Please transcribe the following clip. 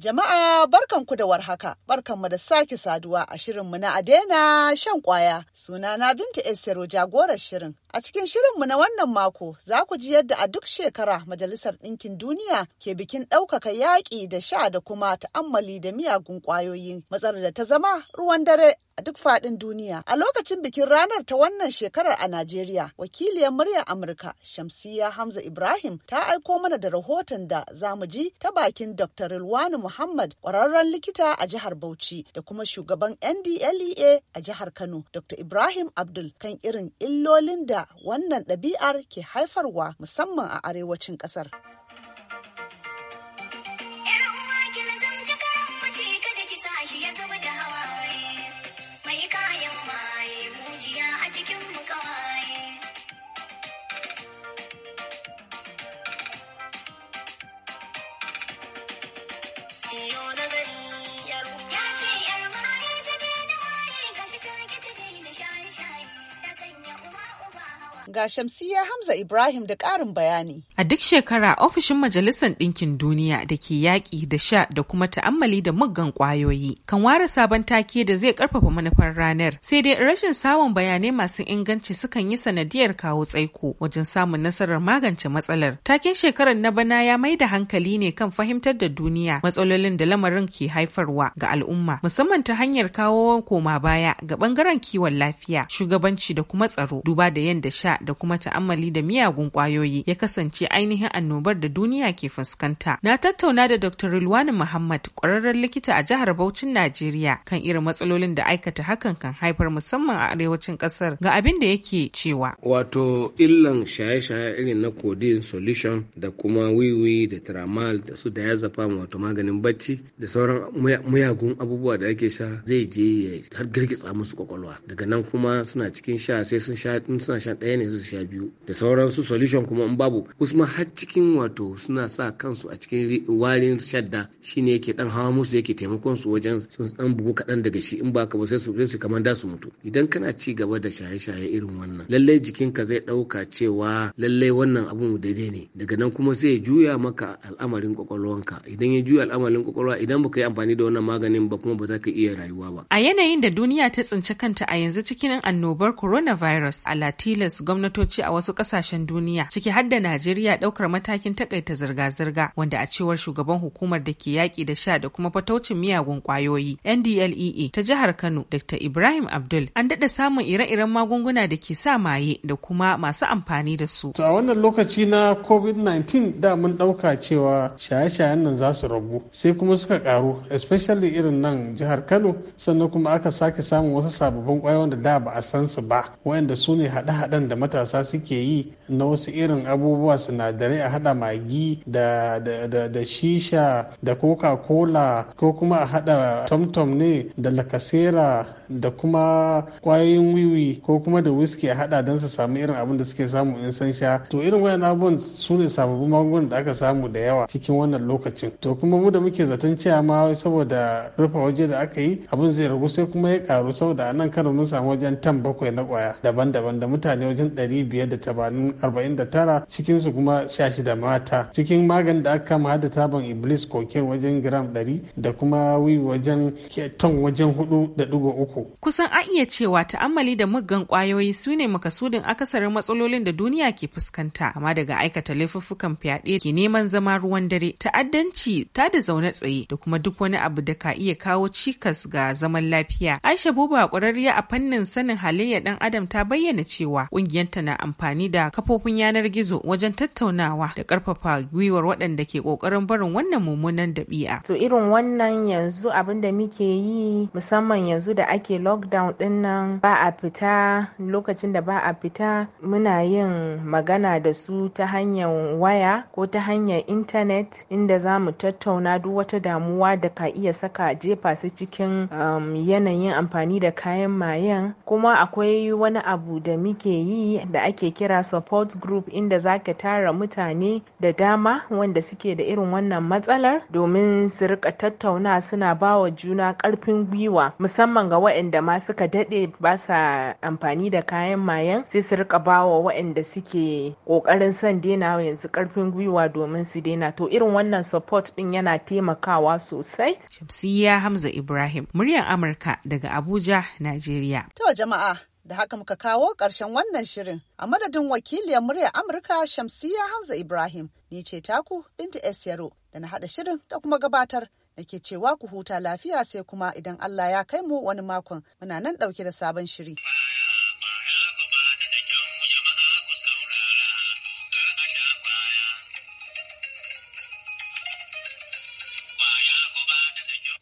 Jama'a barkanku da warhaka, barkanmu da sake saduwa a shirinmu na Adena shan kwaya. na Binta Esero jagorar shirin. A cikin shirinmu na wannan mako za ku ji yadda a duk shekara Majalisar Ɗinkin Duniya ke bikin ɗaukaka yaƙi da sha da kuma ta'ammali da miyagun ƙwayoyin. Matsar da ta zama ruwan dare a duk faɗin duniya. A lokacin bikin ranar ta wannan shekarar a Najeriya, wakiliyar muryar Amurka Shamsiya Hamza Ibrahim ta aiko mana da rahoton da za mu ji ta bakin Dr. Rilwani Muhammad ƙwararren likita a jihar Bauchi da kuma shugaban NDLEA a jihar Kano Dr. Ibrahim Abdul kan irin illolin da wannan ɗabi'ar ke haifarwa musamman a arewacin ƙasar. Ga Shamsiya Hamza Ibrahim da ƙarin bayani. A duk shekara ofishin Majalisar Ɗinkin Duniya da ke yaƙi da sha da kuma ta'ammali da muggan ƙwayoyi kan ware sabon take da zai ƙarfafa manufar ranar. Sai dai rashin samun bayanai masu inganci sukan yi sanadiyar kawo tsaiko wajen samun nasarar magance matsalar. Taken shekarar na bana ya mai da hankali ne kan fahimtar da duniya matsalolin da lamarin ke haifarwa ga al'umma musamman ta hanyar kawo koma baya ga ɓangaren kiwon lafiya, shugabanci da kuma tsaro duba da yadda sha da kuma ta'ammali da miyagun kwayoyi ya kasance ainihin annobar da duniya ke fuskanta. Na tattauna da Dr. Rilwani Muhammad ƙwararren likita a jihar Bauchin Najeriya kan irin matsalolin da aikata hakan kan haifar musamman a arewacin ƙasar ga abin da yake cewa. Wato illan shaye-shaye irin na codeine solution da kuma wiwi da tramal da su diazepam wato maganin bacci da sauran muyagun abubuwa da ake sha zai je ya har girgitsa musu kwakwalwa daga nan kuma suna cikin sha sai sun sha in ɗaya ne su sha biyu da sauransu solution kuma in babu wasu ma har cikin wato suna sa kansu a cikin warin shadda shine yake dan hawa musu yake taimakon su wajen sun dan bugu kaɗan daga shi in baka ba sai su su kamar da su mutu idan kana ci gaba da shaye-shaye irin wannan lallai jikinka zai ɗauka cewa lallai wannan abun daidai ne daga nan kuma sai juya maka al'amarin kwakwalwanka idan ya juya al'amarin kwakwalwa idan baka yi amfani da wannan maganin ba kuma ba za ka iya rayuwa ba a yanayin da duniya ta tsinci kanta a yanzu cikin annobar coronavirus a latilas gwamnati gwamnatoci a wasu ƙasashen duniya ciki har da Najeriya ɗaukar matakin takaita zirga-zirga wanda a cewar shugaban hukumar da ke yaƙi da sha da kuma fataucin miyagun ƙwayoyi NDLEA ta jihar Kano Dr. Ibrahim Abdul an daɗa samun ire-iren magunguna da ke sa maye da kuma masu amfani da su. a wannan lokaci na COVID-19 da mun ɗauka cewa shaye-shayen nan za su ragu sai kuma suka ƙaru especially irin nan jihar Kano sannan kuma aka sake samun wasu sababbin ƙwayoyin da da ba a san su ba waɗanda su ne haɗe-haɗen da matasa suke yi na wasu irin abubuwa sinadarai a hada magi da, shisha da coca-cola ko kuma a hada tom-tom ne da lakasera da kuma kwayoyin wiwi ko kuma da wiski a hada don su samu irin abin da suke samu in san sha to irin wayan abubuwan su ne sababbin magungunan da aka samu da yawa cikin wannan lokacin to kuma mu da muke zaton cewa ma saboda rufe waje da aka yi abun zai ragu sai kuma ya karu saboda a nan kano mun samu wajen tan bakwai na kwaya daban-daban da mutane wajen ɗari biyar da tabanin arba'in da tara cikinsu kuma sha shida mata cikin maganin da aka kama hada taban iblis koken wajen gram ɗari da kuma wiwi wajen ton wajen hudu da ɗigo uku Kusan an iya cewa ta'ammali da muggan kwayoyi su ne makasudin akasarin matsalolin da duniya ke fuskanta, amma daga aikata laifuffukan fyaɗe ke neman zama ruwan dare, ta'addanci ta da zaune tsaye da kuma duk wani abu da ka iya kawo cikas ga zaman lafiya. Aisha Buba ƙwararriya a fannin sanin halayyar ɗan Adam ta bayyana cewa ƙungiyarta na amfani da kafofin yanar gizo wajen tattaunawa da ƙarfafa gwiwar waɗanda ke ƙoƙarin barin wannan mummunan dabi'a. To irin wannan yanzu abin da muke yi musamman yanzu da ake ake lockdown din nan ba a fita lokacin da ba a fita muna yin magana da su ta hanyar waya ko ta hanyar intanet inda za mu tattauna duk wata damuwa da ka iya saka jefa su cikin um, yanayin amfani da kayan mayan kuma akwai wani abu da muke yi da ake kira support group inda za ka tara mutane da dama wanda suke da irin wannan matsalar domin su rika tattauna suna ba wa juna karfin gwiwa musamman ga waɗanda ma suka daɗe ba sa amfani da kayan mayan sai su rika bawa waɗanda suke ƙoƙarin son daina yanzu ƙarfin gwiwa domin su daina to irin wannan support ɗin yana taimakawa sosai. Shamsiyya Hamza Ibrahim, muryar Amurka daga Abuja, Najeriya. To jama'a, da haka muka kawo ƙarshen wannan shirin a madadin wakiliyar muryar Amurka Shamsiyya Hamza Ibrahim, ni ce taku Binta S. da na haɗa shirin da kuma gabatar nake cewa ku huta lafiya sai kuma idan Allah ya kai mu wani makon muna nan ɗauke da sabon shiri.